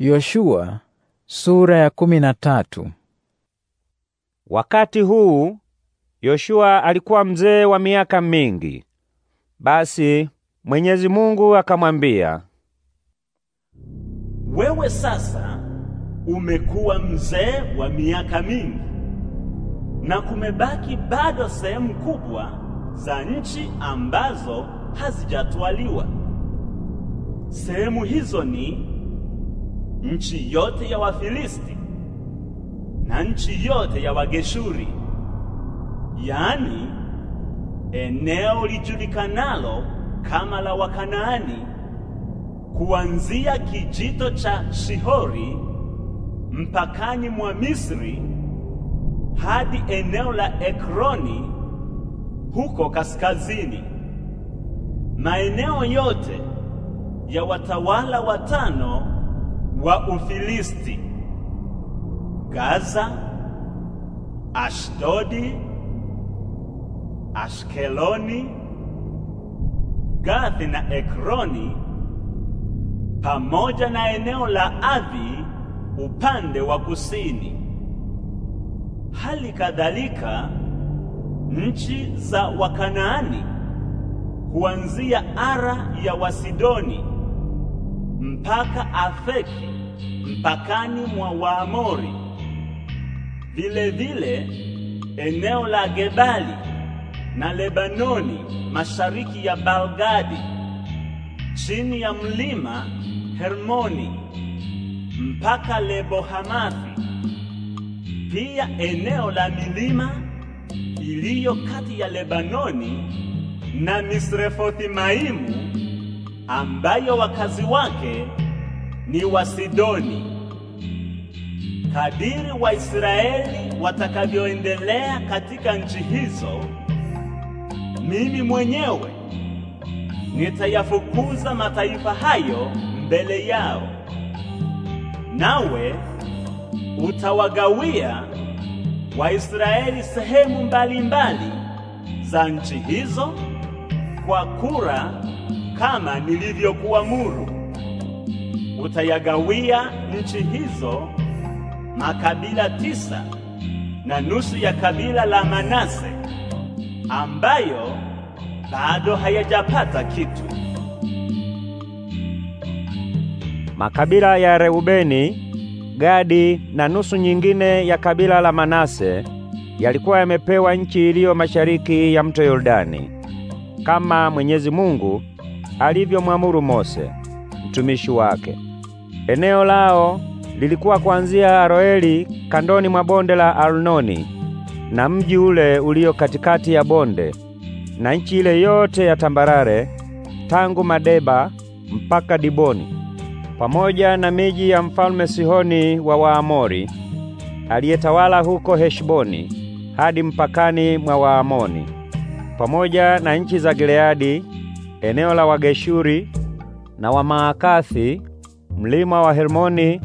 Yoshua sura ya kumi na tatu. Wakati huu Yoshua alikuwa mzee wa miaka mingi. Basi Mwenyezi Mungu akamwambia, wewe sasa umekuwa mzee wa miaka mingi na kumebaki bado sehemu kubwa za nchi ambazo hazijatwaliwa. Sehemu hizo ni nchi yote ya Wafilisti na nchi yote ya Wageshuri, yaani eneo lijulikanalo kama la Wakanaani, kuanzia kijito cha Shihori mpakani mwa Misri hadi eneo la Ekroni huko kaskazini. Maeneo yote ya watawala watano wa Ufilisti, Gaza, Ashdodi, Ashkeloni, Gathi na Ekroni pamoja na eneo la Avi upande wa kusini. Hali kadhalika nchi za Wakanaani kuanzia Ara ya Wasidoni mpaka Afeki mpakani mwa Waamori, vile vile eneo la Gebali na Lebanoni mashariki ya Balgadi chini ya mlima Hermoni mpaka Lebo-Hamathi, pia eneo la milima iliyo kati ya Lebanoni na Misrefothi-Maimu ambayo wakazi wake ni Wasidoni. Kadiri Waisraeli watakavyoendelea katika nchi hizo, mimi mwenyewe nitayafukuza mataifa hayo mbele yao, nawe utawagawia Waisraeli sehemu mbalimbali za nchi hizo kwa kura kama nilivyokuamuru. Utayagawia nchi hizo makabila tisa na nusu ya kabila la Manase ambayo bado hayajapata kitu. Makabila ya Reubeni, Gadi na nusu nyingine ya kabila la Manase yalikuwa yamepewa nchi iliyo mashariki ya mto Yordani, kama Mwenyezi Mungu alivyomwamuru Mose mtumishi wake. Eneo lao lilikuwa kuanzia Aroeli kandoni mwa bonde la Arnoni na mji ule ulio katikati ya bonde na nchi ile yote ya tambarare tangu Madeba mpaka Diboni, pamoja na miji ya mfalme Sihoni wa Waamori aliyetawala huko Heshboni hadi mpakani mwa Waamoni, pamoja na nchi za Gileadi eneo la Wageshuri na wa Maakathi, mlima wa Hermoni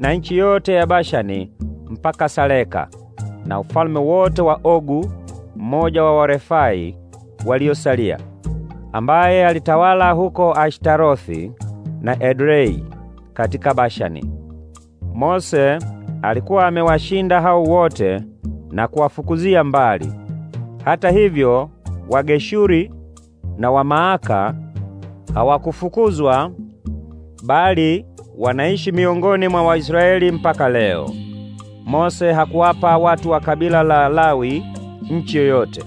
na nchi yote ya Bashani mpaka Saleka na ufalme wote wa Ogu mmoja wa Warefai waliosalia, ambaye alitawala huko Ashtarothi na Edrei katika Bashani. Mose alikuwa amewashinda hao wote na kuwafukuzia mbali. Hata hivyo, Wageshuri na Wamaaka hawakufukuzwa bali wanaishi miongoni mwa Waisraeli mpaka leo. Mose hakuwapa watu wa kabila la Lawi nchi yoyote,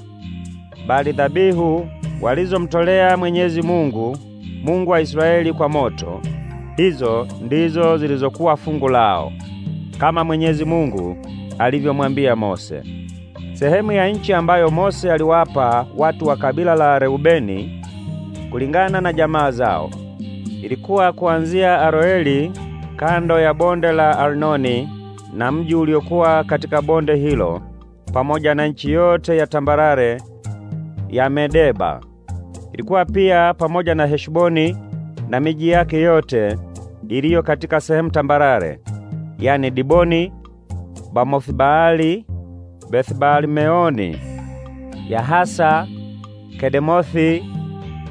bali dhabihu walizomtolea Mwenyezi Mungu, Mungu wa Israeli kwa moto, hizo ndizo zilizokuwa fungu lao, kama Mwenyezi Mungu alivyomwambia Mose sehemu ya nchi ambayo Mose aliwapa watu wa kabila la Reubeni kulingana na jamaa zao. Ilikuwa kuanzia Aroeli kando ya bonde la Arnoni na mji uliokuwa katika bonde hilo pamoja na nchi yote ya tambarare ya Medeba. Ilikuwa pia pamoja na Heshboni na miji yake yote iliyo katika sehemu tambarare, yani Diboni, Bamothbaali Bethbalimeoni, Yahasa, Kedemothi,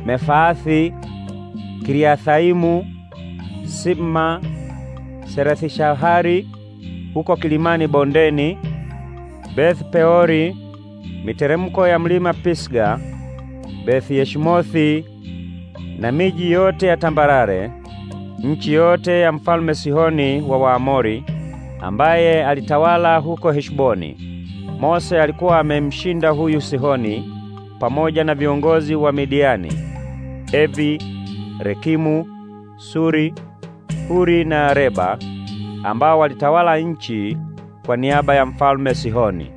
Mefaathi, Kiriathaimu, Sibma, Serethishahari huko kilimani bondeni, Beth Peori, miteremko ya mlima Pisga, Beth Yeshimothi na miji yote ya tambarare, nchi yote ya mfalme Sihoni wa Waamori ambaye alitawala huko Heshboni. Mose alikuwa amemshinda huyu Sihoni pamoja na viongozi wa Midiani, Evi, Rekimu, Suri, Huri na Reba ambao walitawala nchi kwa niaba ya mfalme Sihoni.